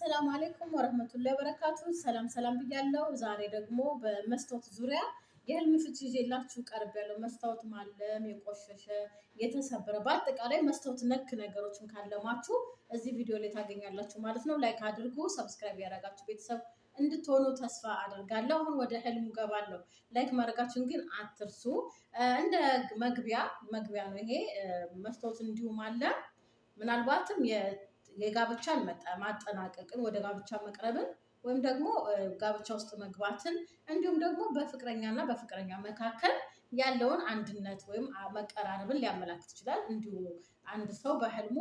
ሰላም አለይኩም ወረህመቱላሂ በረካቱ ሰላም ሰላም ብያለሁ። ዛሬ ደግሞ በመስታወት ዙሪያ የህልም ፍቺ ይዤላችሁ ቀርብ ያለው መስታወት ማለም፣ የቆሸሸ የተሰበረ፣ በአጠቃላይ መስታወት ነክ ነገሮችን ካለማችሁ እዚህ ቪዲዮ ላይ ታገኛላችሁ ማለት ነው። ላይክ አድርጉ፣ ሰብስክራይብ ያደረጋችሁ ቤተሰብ እንድትሆኑ ተስፋ አደርጋለሁ። አሁን ወደ ህልሙ ገባለሁ። ላይክ ማድረጋችሁን ግን አትርሱ። እንደ መግቢያ መግቢያ ነው ይሄ መስታወት እንዲሁም አለ ምናልባትም የጋብቻን ማጠናቀቅን ወደ ጋብቻ መቅረብን ወይም ደግሞ ጋብቻ ውስጥ መግባትን እንዲሁም ደግሞ በፍቅረኛና በፍቅረኛ መካከል ያለውን አንድነት ወይም መቀራረብን ሊያመላክት ይችላል። እንዲሁ አንድ ሰው በህልሙ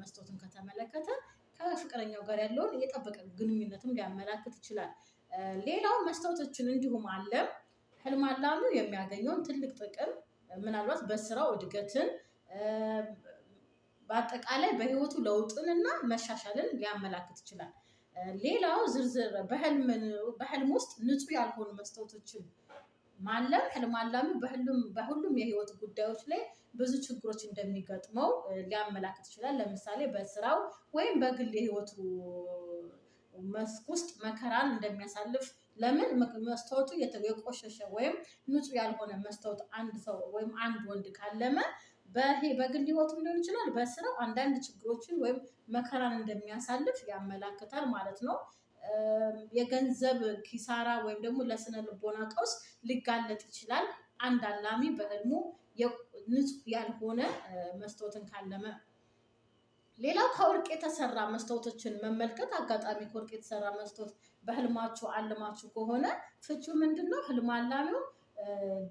መስታወትን ከተመለከተ ከፍቅረኛው ጋር ያለውን የጠበቀ ግንኙነትም ሊያመላክት ይችላል። ሌላው መስታወቶችን እንዲሁም አለም ህልም የሚያገኘውን ትልቅ ጥቅም ምናልባት በስራው እድገትን በአጠቃላይ በህይወቱ ለውጥንና መሻሻልን ሊያመላክት ይችላል። ሌላው ዝርዝር በህልም ውስጥ ንጹህ ያልሆኑ መስታወቶችን ማለም ህልም አላሚ በሁሉም የህይወት ጉዳዮች ላይ ብዙ ችግሮች እንደሚገጥመው ሊያመላክት ይችላል። ለምሳሌ በስራው ወይም በግል የህይወቱ መስክ ውስጥ መከራን እንደሚያሳልፍ ለምን መስታወቱ የቆሸሸ ወይም ንጹህ ያልሆነ መስታወት አንድ ሰው ወይም አንድ ወንድ ካለመ በግል ህይወቱም ሊሆን ይችላል በስራ አንዳንድ ችግሮችን ወይም መከራን እንደሚያሳልፍ ያመላክታል ማለት ነው። የገንዘብ ኪሳራ ወይም ደግሞ ለስነ ልቦና ቀውስ ሊጋለጥ ይችላል። አንድ አላሚ በህልሙ ንጹህ ያልሆነ መስታወትን ካለመ። ሌላው ከወርቅ የተሰራ መስታወቶችን መመልከት አጋጣሚ ከወርቅ የተሰራ መስታወት በህልማችሁ አልማችሁ ከሆነ ፍቹ ምንድን ነው? ህልም አላሚው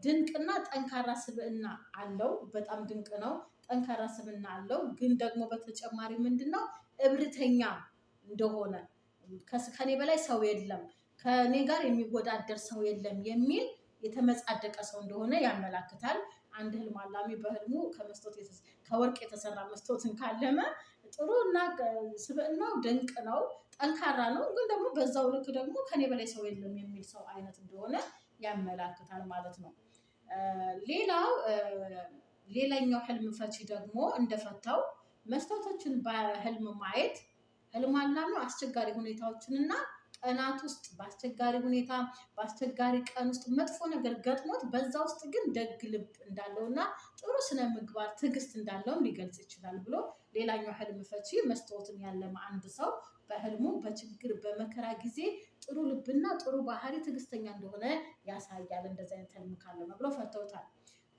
ድንቅና ጠንካራ ስብዕና አለው። በጣም ድንቅ ነው። ጠንካራ ስብዕና አለው። ግን ደግሞ በተጨማሪ ምንድን ነው እብርተኛ እንደሆነ ከኔ በላይ ሰው የለም፣ ከኔ ጋር የሚወዳደር ሰው የለም የሚል የተመጻደቀ ሰው እንደሆነ ያመላክታል። አንድ ህልም አላሚ በህልሙ ከመስቶት ከወርቅ የተሰራ መስቶትን ካለመ ጥሩ እና ስብዕናው ድንቅ ነው፣ ጠንካራ ነው። ግን ደግሞ በዛው ልክ ደግሞ ከኔ በላይ ሰው የለም የሚል ሰው አይነት እንደሆነ ያመላክታል ማለት ነው። ሌላው ሌላኛው ህልም ፈቺ ደግሞ እንደፈታው መስታወቶችን በህልም ማየት ህልም አላምነው አስቸጋሪ ሁኔታዎችንና ቀናት ውስጥ በአስቸጋሪ ሁኔታ በአስቸጋሪ ቀን ውስጥ መጥፎ ነገር ገጥሞት በዛ ውስጥ ግን ደግ ልብ እንዳለው እና ጥሩ ስነ ምግባር ትዕግስት እንዳለውም ሊገልጽ ይችላል ብሎ ሌላኛው ህልም ፈቺ መስታወትን ያለመ አንድ ሰው በህልሙ በችግር በመከራ ጊዜ ጥሩ ልብና ጥሩ ባህሪ ትዕግስተኛ እንደሆነ ያሳያል። እንደዚህ አይነት ህልም ካለመ ብሎ ፈተውታል።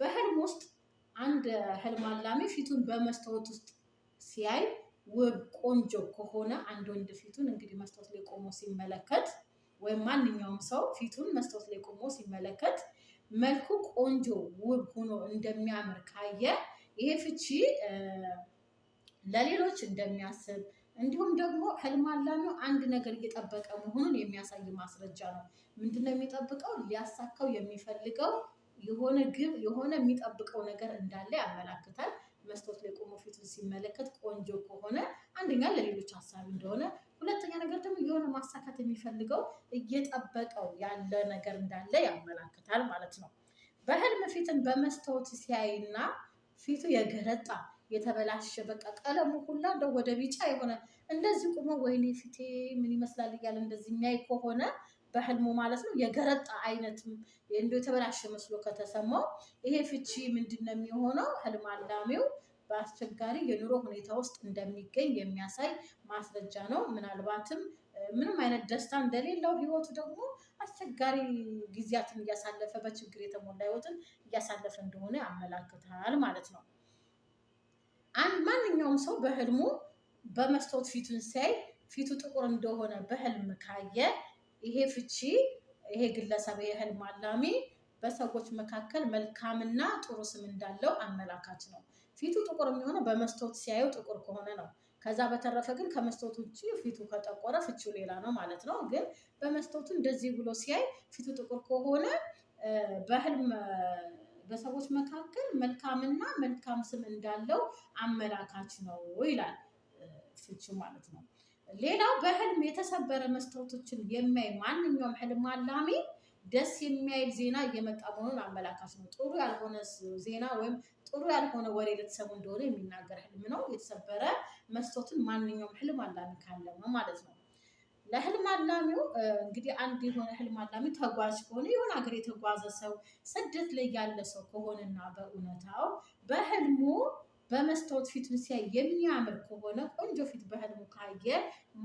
በህልም ውስጥ አንድ ህልም አላሚ ፊቱን በመስታወት ውስጥ ሲያይ ውብ ቆንጆ ከሆነ አንድ ወንድ ፊቱን እንግዲህ መስታወት ላይ ቆሞ ሲመለከት ወይም ማንኛውም ሰው ፊቱን መስታወት ላይ ቆሞ ሲመለከት መልኩ ቆንጆ ውብ ሆኖ እንደሚያምር ካየ ይሄ ፍቺ ለሌሎች እንደሚያስብ እንዲሁም ደግሞ ህልም አላሚው አንድ ነገር እየጠበቀ መሆኑን የሚያሳይ ማስረጃ ነው። ምንድነው የሚጠብቀው? ሊያሳካው የሚፈልገው የሆነ ግብ የሆነ የሚጠብቀው ነገር እንዳለ ያመላክታል። መስታወት ላይ ቆሞ ፊቱን ሲመለከት ቆንጆ ከሆነ አንደኛ ለሌሎች ሀሳብ እንደሆነ፣ ሁለተኛ ነገር ደግሞ የሆነ ማሳካት የሚፈልገው እየጠበቀው ያለ ነገር እንዳለ ያመላክታል ማለት ነው። በህልም ፊትን በመስታወት ሲያይና ፊቱ የገረጣ የተበላሸ በቃ ቀለሙ ሁላ እንደው ወደ ቢጫ የሆነ እንደዚህ ቁሞ ወይኔ ፊቴ ምን ይመስላል እያለ እንደዚህ የሚያይ ከሆነ በህልሙ ማለት ነው የገረጣ አይነት እንደ የተበላሸ መስሎ ከተሰማው ይሄ ፍቺ ምንድን ነው የሚሆነው? ህልም አላሚው በአስቸጋሪ የኑሮ ሁኔታ ውስጥ እንደሚገኝ የሚያሳይ ማስረጃ ነው። ምናልባትም ምንም አይነት ደስታ እንደሌለው ህይወቱ ደግሞ አስቸጋሪ ጊዜያትን እያሳለፈ በችግር የተሞላ ህይወትን እያሳለፈ እንደሆነ ያመላክታል ማለት ነው። ማንኛውም ሰው በህልሙ በመስታወት ፊቱን ሲያይ ፊቱ ጥቁር እንደሆነ በህልም ካየ ይሄ ፍቺ ይሄ ግለሰብ የህልም አላሚ በሰዎች መካከል መልካምና ጥሩ ስም እንዳለው አመላካች ነው። ፊቱ ጥቁር የሚሆነው በመስታወት ሲያየው ጥቁር ከሆነ ነው። ከዛ በተረፈ ግን ከመስታወት ውጭ ፊቱ ከጠቆረ ፍቺው ሌላ ነው ማለት ነው። ግን በመስታወቱ እንደዚህ ብሎ ሲያይ ፊቱ ጥቁር ከሆነ በህልም በሰዎች መካከል መልካምና መልካም ስም እንዳለው አመላካች ነው ይላል ፍቺው ማለት ነው። ሌላው በህልም የተሰበረ መስታወቶችን የሚያይ ማንኛውም ህልም አላሚ ደስ የሚያይል ዜና እየመጣ መሆኑን አመላካች ነው። ጥሩ ያልሆነ ዜና ወይም ጥሩ ያልሆነ ወሬ ልትሰሙ እንደሆነ የሚናገር ህልም ነው። የተሰበረ መስታወትን ማንኛውም ህልም አላሚ ካለመ ማለት ነው። ለህልም አላሚው እንግዲህ አንድ የሆነ ህልም አላሚ ተጓዥ ከሆነ የሆነ ሀገር የተጓዘ ሰው ስደት ላይ ያለ ሰው ከሆነና በእውነታው በህልሙ በመስታወት ፊቱን ሲያይ የሚያምር ከሆነ ቆንጆ ፊት በህልሙ ካየ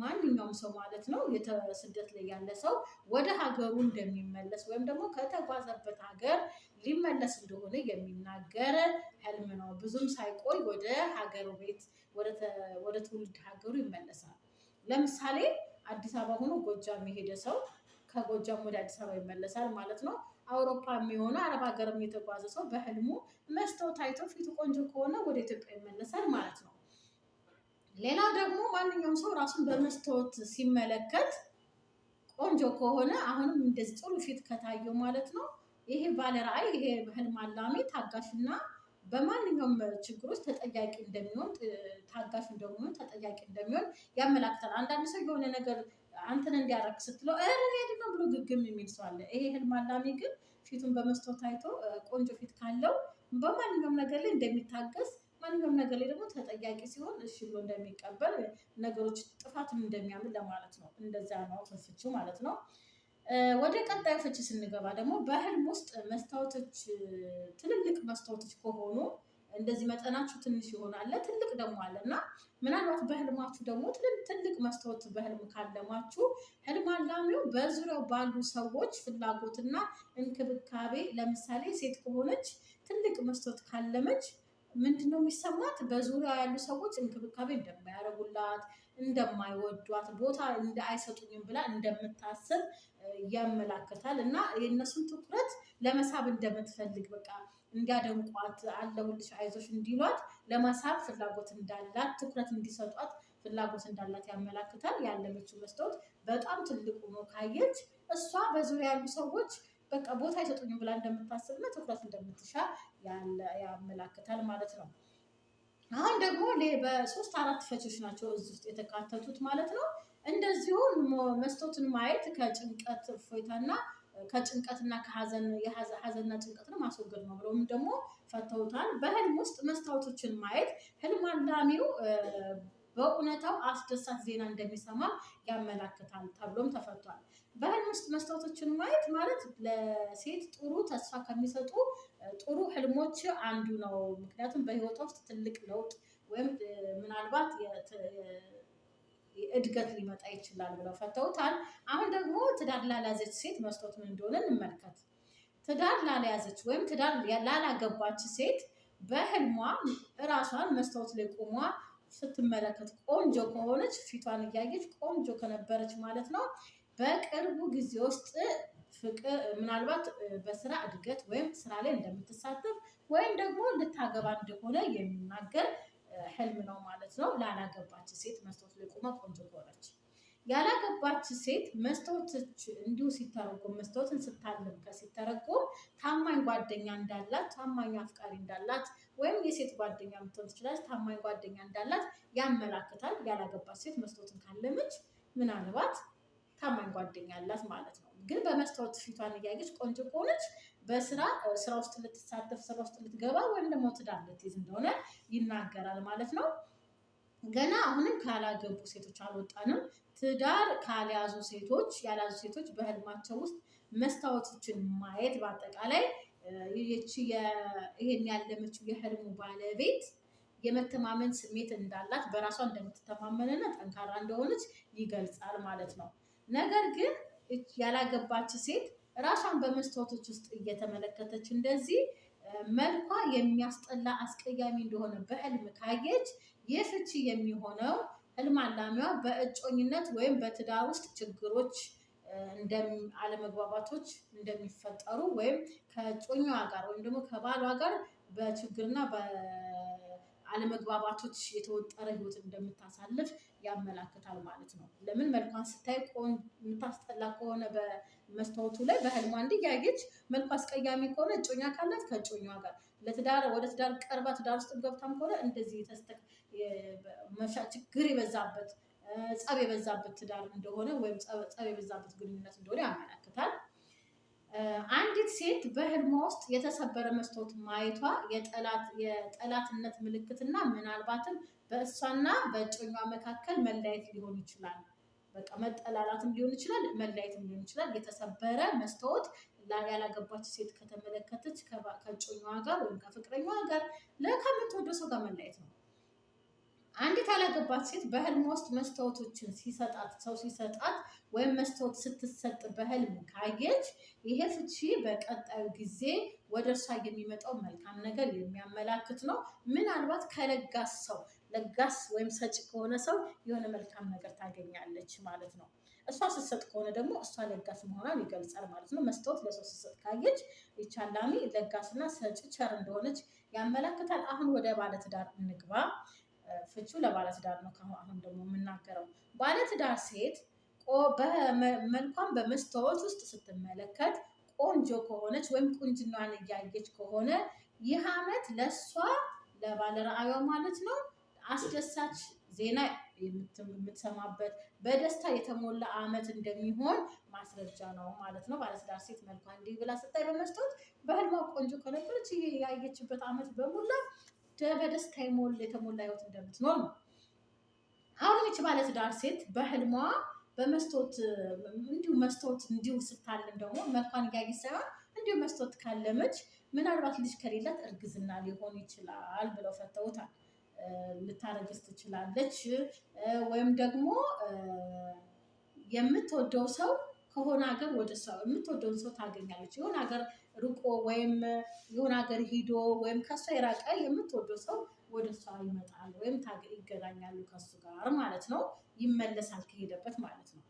ማንኛውም ሰው ማለት ነው ስደት ላይ ያለ ሰው ወደ ሀገሩ እንደሚመለስ ወይም ደግሞ ከተጓዘበት ሀገር ሊመለስ እንደሆነ የሚናገር ህልም ነው። ብዙም ሳይቆይ ወደ ሀገሩ ቤት ወደ ትውልድ ሀገሩ ይመለሳል። ለምሳሌ አዲስ አበባ ሆኖ ጎጃም የሄደ ሰው ከጎጃም ወደ አዲስ አበባ ይመለሳል ማለት ነው። አውሮፓ የሚሆነ አረብ ሀገርም የተጓዘ ሰው በህልሙ መስታወት ታይቶ ፊቱ ቆንጆ ከሆነ ወደ ኢትዮጵያ ይመለሳል ማለት ነው። ሌላው ደግሞ ማንኛውም ሰው ራሱን በመስተወት ሲመለከት ቆንጆ ከሆነ አሁንም እንደዚህ ጥሩ ፊት ከታየው ማለት ነው ይሄ ባለ ራዕይ ይሄ ህልም አላሚ ታጋሽና በማንኛውም ችግሮች ተጠያቂ እንደሚሆን ታጋሽ እንደሚሆን ተጠያቂ እንደሚሆን ያመላክታል። አንዳንድ ሰው የሆነ ነገር አንተን እንዲያረክ ስትለው ሬድ ነው ብሎ ግግም የሚል ሰው አለ። ይሄ ህልም አላሚ ግን ፊቱን በመስተወት አይቶ ቆንጆ ፊት ካለው በማንኛውም ነገር ላይ እንደሚታገስ ማንኛውም ነገር ላይ ደግሞ ተጠያቂ ሲሆን እሺ ብሎ እንደሚቀበል ነገሮች ጥፋትም እንደሚያምን ለማለት ነው። እንደዛ ነው ፍቺው ማለት ነው። ወደ ቀጣዩ ፍቺ ስንገባ ደግሞ በህልም ውስጥ መስታወቶች ትልልቅ መስታወቶች ከሆኑ እንደዚህ መጠናችሁ ትንሽ ይሆናል፣ ትልቅ ደግሞ አለ እና ምናልባት በህልማችሁ ደግሞ ትልቅ መስታወት በህልም ካለማችሁ ህልም አላሚው በዙሪያው ባሉ ሰዎች ፍላጎትና እንክብካቤ፣ ለምሳሌ ሴት ከሆነች ትልቅ መስታወት ካለመች ምንድን ነው የሚሰማት? በዙሪያ ያሉ ሰዎች እንክብካቤ እንደማያደርጉላት፣ እንደማይወዷት፣ ቦታ አይሰጡኝም ብላ እንደምታስብ ያመላክታል እና የእነሱን ትኩረት ለመሳብ እንደምትፈልግ በቃ እንዲያደንቋት አለሁልሽ አይዞሽ እንዲሏት ለማሳብ ፍላጎት እንዳላት ትኩረት እንዲሰጧት ፍላጎት እንዳላት ያመላክታል። ያለመችው መስታወት በጣም ትልቁ ነው ካየች እሷ በዙሪያ ያሉ ሰዎች በቃ ቦታ ይሰጡኝ ብላ እንደምታስብና ትኩረት እንደምትሻ ያመላክታል ማለት ነው። አሁን ደግሞ በሶስት አራት ፈቾች ናቸው እዚህ ውስጥ የተካተቱት ማለት ነው። እንደዚሁ መስታወትን ማየት ከጭንቀት እፎይታና ከጭንቀትና ከሀዘን ሀዘንና ጭንቀትን ማስወገድ ነው ብለውም ደግሞ ፈተውታል። በህልም ውስጥ መስታወቶችን ማየት ህልም አላሚው በእውነታው አስደሳች ዜና እንደሚሰማ ያመላክታል ተብሎም ተፈቷል። በህልም ውስጥ መስታወቶችን ማየት ማለት ለሴት ጥሩ ተስፋ ከሚሰጡ ጥሩ ህልሞች አንዱ ነው። ምክንያቱም በህይወቷ ውስጥ ትልቅ ለውጥ ወይም ምናልባት እድገት ሊመጣ ይችላል ብለው ፈተውታል። አሁን ደግሞ ትዳር ላልያዘች ሴት መስጠት ምን እንደሆነ እንመልከት። ትዳር ላለያዘች ወይም ትዳር ላላገባች ሴት በህልሟ እራሷን መስታወት ላይ ቆሟ ስትመለከት ቆንጆ ከሆነች ፊቷን እያየች ቆንጆ ከነበረች ማለት ነው በቅርቡ ጊዜ ውስጥ ፍቅር ምናልባት በስራ እድገት ወይም ስራ ላይ እንደምትሳተፍ ወይም ደግሞ ልታገባ እንደሆነ የሚናገር ህልም ነው ማለት ነው። ላላገባች ሴት መስታወት ላይ ቆማ ቆንጆ ሆነች። ያላገባች ሴት መስታወቶች እንዲሁ ሲተረጎም መስታወትን ስታልም ከሲተረጎም ታማኝ ጓደኛ እንዳላት፣ ታማኝ አፍቃሪ እንዳላት ወይም የሴት ጓደኛ ምትሆን ትችላለች። ታማኝ ጓደኛ እንዳላት ያመላክታል። ያላገባች ሴት መስታወትን ካለመች ምናልባት ታማኝ ጓደኛ አላት ማለት ነው። ግን በመስታወት ፊቷን እያየች ቆንጆ ከሆነች በስራ ስራ ውስጥ ልትሳተፍ ስራ ውስጥ ልትገባ ወይም ደግሞ ትዳር ልትይዝ እንደሆነ ይናገራል ማለት ነው። ገና አሁንም ካላገቡ ሴቶች አልወጣንም። ትዳር ካልያዙ ሴቶች ያልያዙ ሴቶች በህልማቸው ውስጥ መስታወቶችን ማየት በአጠቃላይ ይቺ ይሄን ያለመችው የህልሙ ባለቤት የመተማመን ስሜት እንዳላት በራሷ እንደምትተማመንና ጠንካራ እንደሆነች ይገልጻል ማለት ነው። ነገር ግን ያላገባች ሴት ራሷን በመስታወቶች ውስጥ እየተመለከተች እንደዚህ መልኳ የሚያስጠላ አስቀያሚ እንደሆነ በህልም ካየች የፍቺ የሚሆነው ህልም አላሚዋ በእጮኝነት ወይም በትዳር ውስጥ ችግሮች አለመግባባቶች እንደሚፈጠሩ ወይም ከእጮኛዋ ጋር ወይም ደግሞ ከባሏ ጋር በችግርና በአለመግባባቶች የተወጠረ ህይወት እንደምታሳልፍ ያመላክታል ማለት ነው። ለምን መልኳን ስታይ የምታስጠላ ከሆነ በመስታወቱ ላይ በህልሟ እንዲያየች መልኳ አስቀያሚ ከሆነ እጮኛ ካላት ከእጮኛዋ ጋር ለትዳር ወደ ትዳር ቀርባ ትዳር ውስጥ ገብታም ከሆነ እንደዚህ የተስተክ መሻ ችግር የበዛበት ጸብ የበዛበት ትዳር እንደሆነ ወይም ጸብ የበዛበት ግንኙነት እንደሆነ ያመላክታል። አንዲት ሴት በህልሟ ውስጥ የተሰበረ መስታወት ማየቷ የጠላትነት ምልክትና ምናልባትም በእሷና በእጮኛ መካከል መለያየት ሊሆን ይችላል። በቃ መጠላላትም ሊሆን ይችላል፣ መለያየትም ሊሆን ይችላል። የተሰበረ መስታወት ያላገባች ሴት ከተመለከተች ከእጮኛዋ ጋር ወይም ከፍቅረኛዋ ጋር ከምትወደው ሰው ጋር መለያየት ነው። አንዲት ያላገባች ሴት በህልም ውስጥ መስታወቶችን ሲሰጣት ሰው ሲሰጣት ወይም መስታወት ስትሰጥ በህልም ካየች ይሄ ፍቺ በቀጣዩ ጊዜ ወደ እርሷ የሚመጣው መልካም ነገር የሚያመላክት ነው። ምናልባት ከለጋስ ሰው ለጋስ ወይም ሰጭ ከሆነ ሰው የሆነ መልካም ነገር ታገኛለች ማለት ነው። እሷ ስትሰጥ ከሆነ ደግሞ እሷ ለጋስ መሆኗን ይገልጻል ማለት ነው። መስታወት ለሰው ስትሰጥ ካየች ይቻላሚ ለጋስና ሰጭ ቸር እንደሆነች ያመላክታል። አሁን ወደ ባለትዳር እንግባ። ፍቹ ለባለትዳር ነው። አሁን ደግሞ የምናገረው ባለትዳር ሴት መልኳን በመስታወት ውስጥ ስትመለከት ቆንጆ ከሆነች ወይም ቁንጅናዋን እያየች ከሆነ ይህ ዓመት ለእሷ ረአዩ ማለት ነው አስደሳች ዜና የምትሰማበት በደስታ የተሞላ አመት እንደሚሆን ማስረጃ ነው ማለት ነው። ባለትዳር ሴት መልኳ እንዲህ ብላ ስታይ በመስታወት በህልማ ቆንጆ ከነበረች ይሄ ያየችበት አመት በሙላ በደስታ የተሞላ ህይወት እንደምትኖር ነው። አሁንም ይች ባለትዳር ሴት በህልሟ በመስታወት እንዲሁ መስታወት እንዲሁ ስታለም ደግሞ መልኳን እያየች ሳይሆን እንዲሁ መስታወት ካለመች ምናልባት ልጅ ከሌላት እርግዝና ሊሆን ይችላል ብለው ፈተውታል። ልታረግዝ ትችላለች። ወይም ደግሞ የምትወደው ሰው ከሆነ ሀገር ወደ ሰው የምትወደውን ሰው ታገኛለች። የሆነ ሀገር ርቆ ወይም የሆነ ሀገር ሂዶ ወይም ከሷ የራቀ የምትወደው ሰው ወደ ሷ ይመጣል ወይም ይገናኛሉ ከሱ ጋር ማለት ነው። ይመለሳል ከሄደበት ማለት ነው።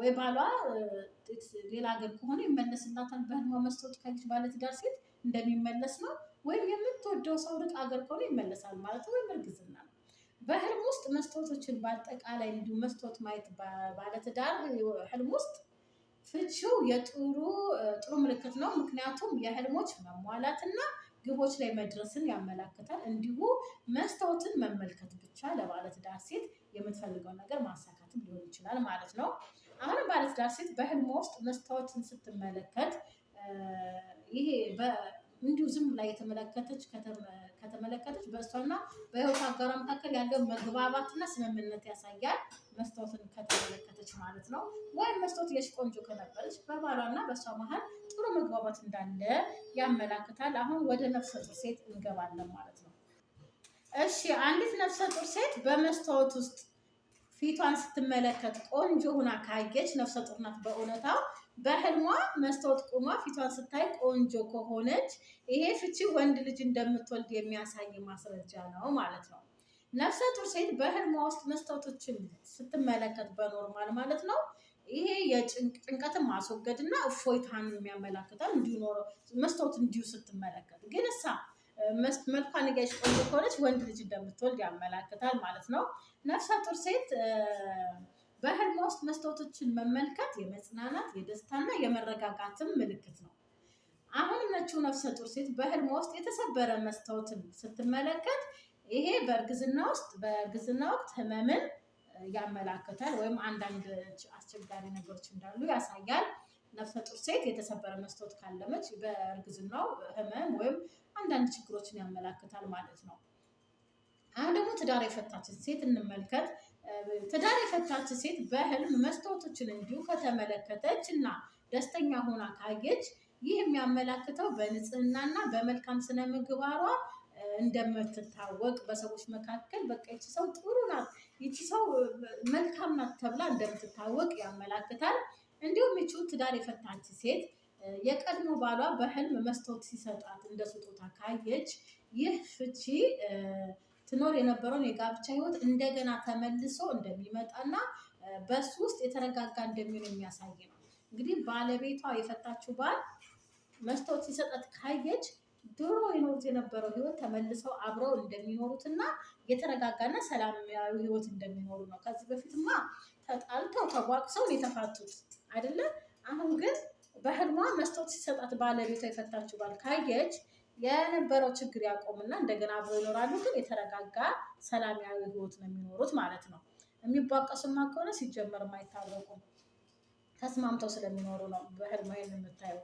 ወይ ባሏ ሌላ ሀገር ከሆነ ይመለስላታል። በህልሟ መስታወት ካየች ባለትዳር ሴት እንደሚመለስ ነው። ወይም የምትወደው ሰው ሩቅ አገር ከሆነ ይመለሳል ማለት ወይም እርግዝና ነው። በህልም ውስጥ መስታወቶችን በአጠቃላይ እንዲሁ መስታወት ማየት ባለትዳር ህልም ውስጥ ፍቺው የጥሩ ጥሩ ምልክት ነው። ምክንያቱም የህልሞች መሟላትና ግቦች ላይ መድረስን ያመላክታል። እንዲሁ መስታወትን መመልከት ብቻ ለባለትዳር ሴት የምትፈልገው ነገር ማሳካትም ሊሆን ይችላል ማለት ነው። አሁንም ባለትዳር ሴት በህልሟ ውስጥ መስታወትን ስትመለከት ይሄ እንዲሁ ዝም ብላ የተመለከተች ከተመለከተች በእሷና በህይወት አጋሯ መካከል ያለው መግባባትና ስምምነት ያሳያል። መስታወትን ከተመለከተች ማለት ነው። ወይም መስታወት የሽ ቆንጆ ከነበረች እና በእሷ መሀል ጥሩ መግባባት እንዳለ ያመላክታል። አሁን ወደ ነፍሰ ጡር ሴት እንገባለን ማለት ነው። እሺ አንዲት ነፍሰ ጡር ሴት በመስታወት ውስጥ ፊቷን ስትመለከት ቆንጆ ሁና ካየች ነፍሰ ጡር ናት። በእውነታው በህልሟ መስታወት ቁማ ፊቷን ስታይ ቆንጆ ከሆነች ይሄ ፍቺ ወንድ ልጅ እንደምትወልድ የሚያሳይ ማስረጃ ነው ማለት ነው። ነፍሰ ጡር ሴት በህልሟ ውስጥ መስታወቶችን ስትመለከት በኖርማል ማለት ነው ይሄ የጭንቀትን ማስወገድ እና እፎይታን የሚያመላክታል። እንዲኖረ መስታወት እንዲሁ ስትመለከት ግን እሳ መልኳ መልኳን ቆንጆ ከሆነች ወንድ ልጅ እንደምትወልድ ያመላክታል ማለት ነው። ነፍሰ ጡር ሴት በህልሟ ውስጥ መስታወቶችን መመልከት የመጽናናት የደስታና የመረጋጋትም ምልክት ነው። አሁን ነችው ነፍሰ ጡር ሴት በህልሟ ውስጥ የተሰበረ መስታወትን ስትመለከት ይሄ በእርግዝና ውስጥ በእርግዝና ወቅት ህመምን ያመላክታል ወይም አንዳንድ አስቸጋሪ ነገሮች እንዳሉ ያሳያል። ነፍሰ ጡር ሴት የተሰበረ መስታወት ካለመች በእርግዝናው ህመም ወይም አንዳንድ ችግሮችን ያመላክታል ማለት ነው። አሁን ደግሞ ትዳር የፈታችን ሴት እንመልከት። ትዳር የፈታች ሴት በህልም መስታወቶችን እንዲሁ ከተመለከተች እና ደስተኛ ሆና ካየች ይህ የሚያመላክተው በንጽህናና በመልካም ስነ ምግባሯ እንደምትታወቅ በሰዎች መካከል በቃ ይቺ ሰው ጥሩ ናት፣ ይቺ ሰው መልካም ናት ተብላ እንደምትታወቅ ያመላክታል። እንዲሁም ይቺ ትዳር የፈታች ሴት የቀድሞ ባሏ በህልም መስታወት ሲሰጣት እንደ ስጦታ ካየች ይህ ፍቺ ትኖር የነበረውን የጋብቻ ህይወት እንደገና ተመልሶ እንደሚመጣና በሱ ውስጥ የተረጋጋ እንደሚሆን የሚያሳይ ነው። እንግዲህ ባለቤቷ የፈታችው ባል መስታወት ሲሰጣት ካየች ድሮ ይኖሩት የነበረው ህይወት ተመልሰው አብረው እንደሚኖሩትና የተረጋጋና ሰላማዊ ህይወት እንደሚኖሩ ነው። ከዚህ በፊትማ ተጣልተው ተቧቅሰው የተፋቱት አይደለም። አሁን ግን በህልሟ መስታወት ሲሰጣት ባለቤቷ የፈታችው ባል ካየች የነበረው ችግር ያቆምና እንደገና አብረው ይኖራሉ። ግን የተረጋጋ ሰላማዊ ህይወት ነው የሚኖሩት ማለት ነው። የሚባቀሱማ ከሆነ ሲጀመር አይታረቁም። ተስማምተው ስለሚኖሩ ነው በህልም የምታየው።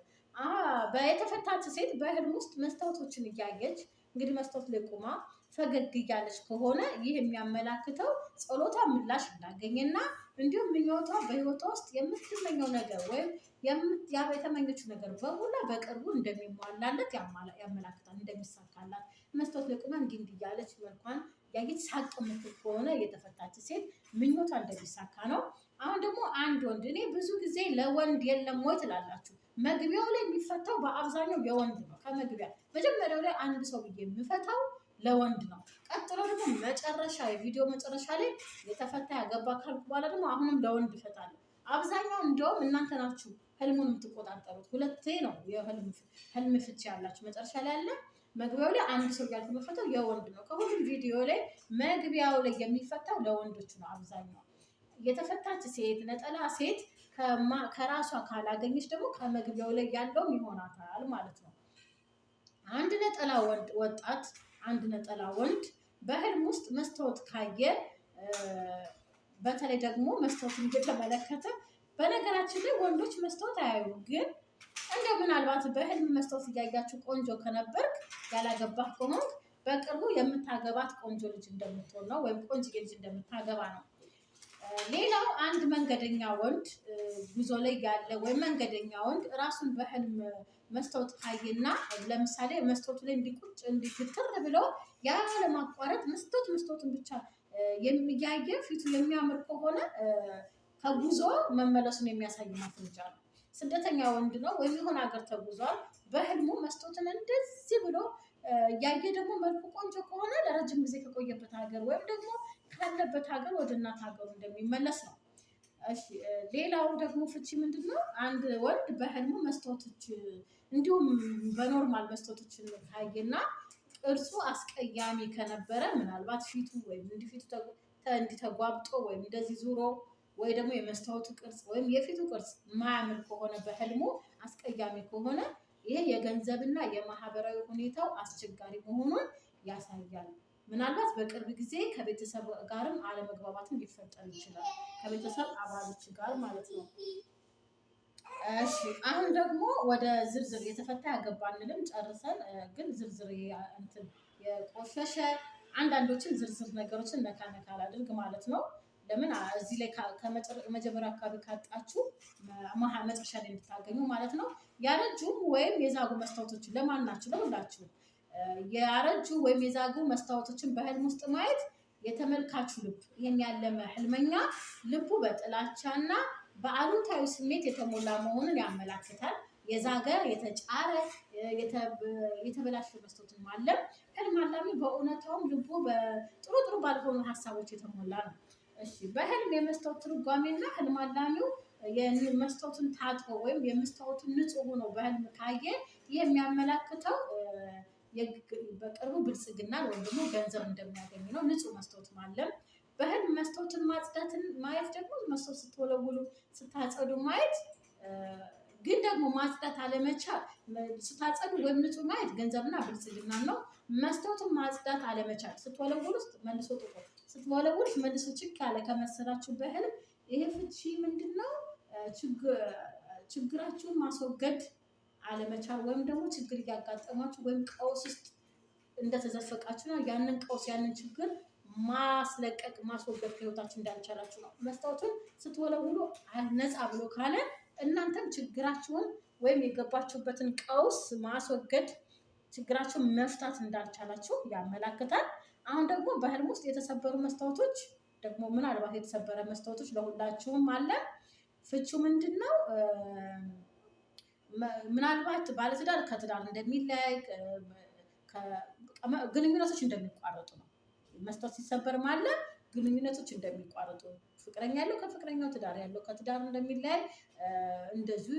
የተፈታች ሴት በህልም ውስጥ መስታወቶችን እያየች እንግዲህ መስታወት ላይ ቁማ ፈገግ እያለች ከሆነ ይህ የሚያመላክተው ጸሎታ ምላሽ እንዳገኘና እንዲሁም ምኞቷ በህይወቷ ውስጥ የምትመኘው ነገር ወይም ያ የተመኘችው ነገር በሁላ በቅርቡ እንደሚሟላለት ያመላክታል፣ እንደሚሳካላት። መስታወት ላይ ቆማ እንዲህ እንዲህ እያለች መልኳን ያየች ሳቅ የምትል ከሆነ የተፈታች ሴት ምኞቷ እንደሚሳካ ነው። አሁን ደግሞ አንድ ወንድ እኔ ብዙ ጊዜ ለወንድ የለም ወይ ትላላችሁ። መግቢያው ላይ የሚፈታው በአብዛኛው የወንድ ነው። ከመግቢያ መጀመሪያው ላይ አንድ ሰው ብዬ የምፈታው ለወንድ ነው። ቀጥሎ ደግሞ መጨረሻ የቪዲዮ መጨረሻ ላይ የተፈታ ያገባ ካልኩ በኋላ ደግሞ አሁንም ለወንድ እፈታለሁ። አብዛኛው እንደውም እናንተ ናችሁ ህልሙን የምትቆጣጠሩት። ሁለቴ ነው የህልም ፍቺ ያላችሁ መጨረሻ ላይ ያለ መግቢያው ላይ አንድ ሰው ያልኩ የወንድ ነው። ከሁሉም ቪዲዮ ላይ መግቢያው ላይ የሚፈታው ለወንዶች ነው አብዛኛው። የተፈታች ሴት ነጠላ ሴት ከራሷ ካላገኘች ደግሞ ከመግቢያው ላይ ያለውም ይሆናታል ማለት ነው። አንድ ነጠላ ወጣት አንድ ነጠላ ወንድ በህልም ውስጥ መስታወት ካየ በተለይ ደግሞ መስታወት እየተመለከተ በነገራችን ላይ ወንዶች መስታወት አያዩ፣ ግን እንደ ምናልባት በህልም መስታወት እያያችሁ ቆንጆ ከነበርክ ያላገባህ ከሆንክ በቅርቡ የምታገባት ቆንጆ ልጅ እንደምትሆን ነው፣ ወይም ቆንጆ ልጅ እንደምታገባ ነው። ሌላው አንድ መንገደኛ ወንድ ጉዞ ላይ ያለ ወይም መንገደኛ ወንድ ራሱን በህልም መስታወት ካየና ለምሳሌ መስታወቱ ላይ እንዲቁጭ እንዲግትር ብሎ ያለማቋረጥ መስታወት መስታወትን ብቻ የሚያየ ፊቱ የሚያምር ከሆነ ከጉዞ መመለሱን የሚያሳይ ማስረጃ ነው። ስደተኛ ወንድ ነው ወይም የሆነ ሀገር ተጉዟል። በህልሙ መስታወትን እንደዚህ ብሎ ያየ ደግሞ መልኩ ቆንጆ ከሆነ ለረጅም ጊዜ ከቆየበት ሀገር ወይም ደግሞ ካለበት ሀገር ወደ እናት ሀገሩ እንደሚመለስ ነው። ሌላው ደግሞ ፍቺ ምንድን ነው? አንድ ወንድ በህልሙ መስታወቶች እንዲሁም በኖርማል በስቶቶችን ካየና ቅርጹ አስቀያሚ ከነበረ ምናልባት ፊቱ ወይም እንዲፊቱ እንዲተጓብጦ ወይም እንደዚህ ዙሮ ወይ ደግሞ የመስታወቱ ቅርጽ ወይም የፊቱ ቅርጽ ማያምር ከሆነ በህልሙ አስቀያሚ ከሆነ ይሄ የገንዘብና የማህበራዊ ሁኔታው አስቸጋሪ መሆኑን ያሳያል። ምናልባት በቅርብ ጊዜ ከቤተሰብ ጋርም አለመግባባትም ሊፈጠር ይችላል። ከቤተሰብ አባሎች ጋር ማለት ነው። እሺ አሁን ደግሞ ወደ ዝርዝር የተፈታ ያገባንልም ጨርሰን ግን ዝርዝር እንትን የቆሸሸ አንዳንዶችን ዝርዝር ነገሮችን ነካ ነካ አላድርግ ማለት ነው። ለምን እዚህ ላይ ከመጀመሪያ አካባቢ ካጣችሁ መሀል መጨረሻ ላይ እንድታገኙ ማለት ነው። ያረጁ ወይም የዛጉ መስታወቶችን ለማን ናቸው? ለሁላችሁ። ያረጁ ወይም የዛጉ መስታወቶችን በህልም ውስጥ ማየት የተመልካቹ ልብ ይህን ያለመ ህልመኛ ልቡ በጥላቻ በጥላቻና በአሉታዊ ስሜት የተሞላ መሆኑን ያመላክታል። የዛገር የተጫረ የተበላሸ መስቶትን ማለም ህልም አላሚ በእውነታውም ልቡ በጥሩ ጥሩ ባልሆኑ ሀሳቦች የተሞላ ነው። እሺ በህልም የመስታወት ትርጓሜና ህልም አላሚው የመስታወቱን ታጥቦ ወይም የመስታወቱን ንጹህ ሆኖ በህልም ካየ የሚያመላክተው በቅርቡ ብልጽግና ወይም ደግሞ ገንዘብ እንደሚያገኝ ነው። ንጹህ መስታወት ማለም በህልም መስታወትን ማጽዳትን ማየት ደግሞ መስታወት ስትወለውሉ ስታጸዱ ማየት ግን ደግሞ ማጽዳት አለመቻል ስታጸዱ ወይም ንጹህ ማየት ገንዘብና ብልጽግና ነው። መስታወትን ማጽዳት አለመቻል ስትወለውሉ ውስጥ መልሶ ጥቁር ስትወለውሉት መልሶ ችክ ያለ ከመሰላችሁ በህልም ይሄ ፍቺ ምንድን ነው? ችግራችሁን ማስወገድ አለመቻል ወይም ደግሞ ችግር እያጋጠማችሁ ወይም ቀውስ ውስጥ እንደተዘፈቃችሁ ነው። ያንን ቀውስ ያንን ችግር ማስለቀቅ ማስወገድ ከህይወታችሁ እንዳልቻላችሁ ነው። መስታወቱን ስትወለውሉ ነፃ ብሎ ካለ እናንተም ችግራችሁን ወይም የገባችሁበትን ቀውስ ማስወገድ ችግራችሁን መፍታት እንዳልቻላችሁ ያመላክታል። አሁን ደግሞ በህልም ውስጥ የተሰበሩ መስታወቶች ደግሞ ምናልባት የተሰበረ መስታወቶች ለሁላችሁም አለ። ፍቹ ምንድን ነው? ምናልባት ባለትዳር ከትዳር እንደሚለያይ ግንኙነቶች እንደሚቋረጡ ነው። መስታወት ሲሰበር ማለ ግንኙነቶች እንደሚቋረጡ ፍቅረኛ ያለው ከፍቅረኛው ትዳር ያለው ከትዳር እንደሚለያይ እንደዚሁ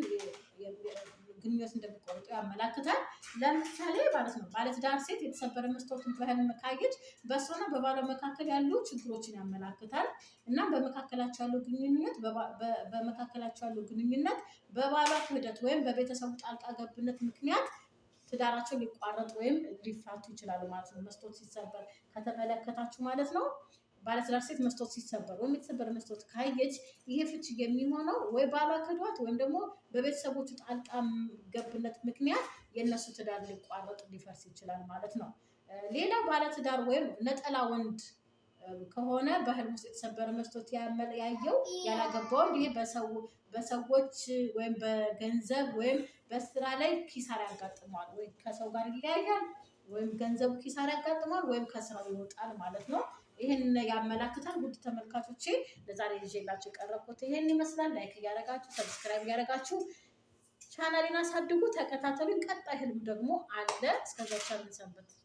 ግንኙነት እንደሚቆርጡ ያመላክታል። ለምሳሌ ማለት ነው ባለትዳር ሴት የተሰበረ መስታወትን ባህል መካየት በእሷና በባሏ መካከል ያሉ ችግሮችን ያመላክታል። እናም በመካከላቸው ያለው ግንኙነት በመካከላቸው ያለው ግንኙነት በባሏ ክህደት ወይም በቤተሰቡ ጣልቃ ገብነት ምክንያት ትዳራቸው ሊቋረጥ ወይም ሊፋቱ ይችላሉ ማለት ነው። መስቶት ሲሰበር ከተመለከታችሁ ማለት ነው። ባለትዳር ሴት መስቶት ሲሰበር ወይም የተሰበረ መስቶት ካየች ይሄ ፍቺ የሚሆነው ወይ ባሏ ክዷት ወይም ደግሞ በቤተሰቦቹ ጣልቃ ገብነት ምክንያት የእነሱ ትዳር ሊቋረጥ ሊፈርስ ይችላል ማለት ነው። ሌላው ባለትዳር ወይም ነጠላ ወንድ ከሆነ በህልም ውስጥ የተሰበረ መስቶት ያየው ያላገባውን ይሄ በሰዎች ወይም በገንዘብ ወይም በስራ ላይ ኪሳራ ያጋጥመዋል። ወይም ከሰው ጋር ይለያያል፣ ወይም ገንዘብ ኪሳራ ያጋጥመዋል፣ ወይም ከስራው ይወጣል ማለት ነው። ይህን ያመላክታል። ውድ ተመልካቾቼ ለዛሬ ይዤላችሁ የቀረብኩት ይህን ይመስላል። ላይክ እያደረጋችሁ ሰብስክራይብ እያደረጋችሁ ቻናሌን አሳድጉ፣ ተከታተሉኝ። ቀጣይ ህልም ደግሞ አለ። እስከዛ ቻልን ሰንበት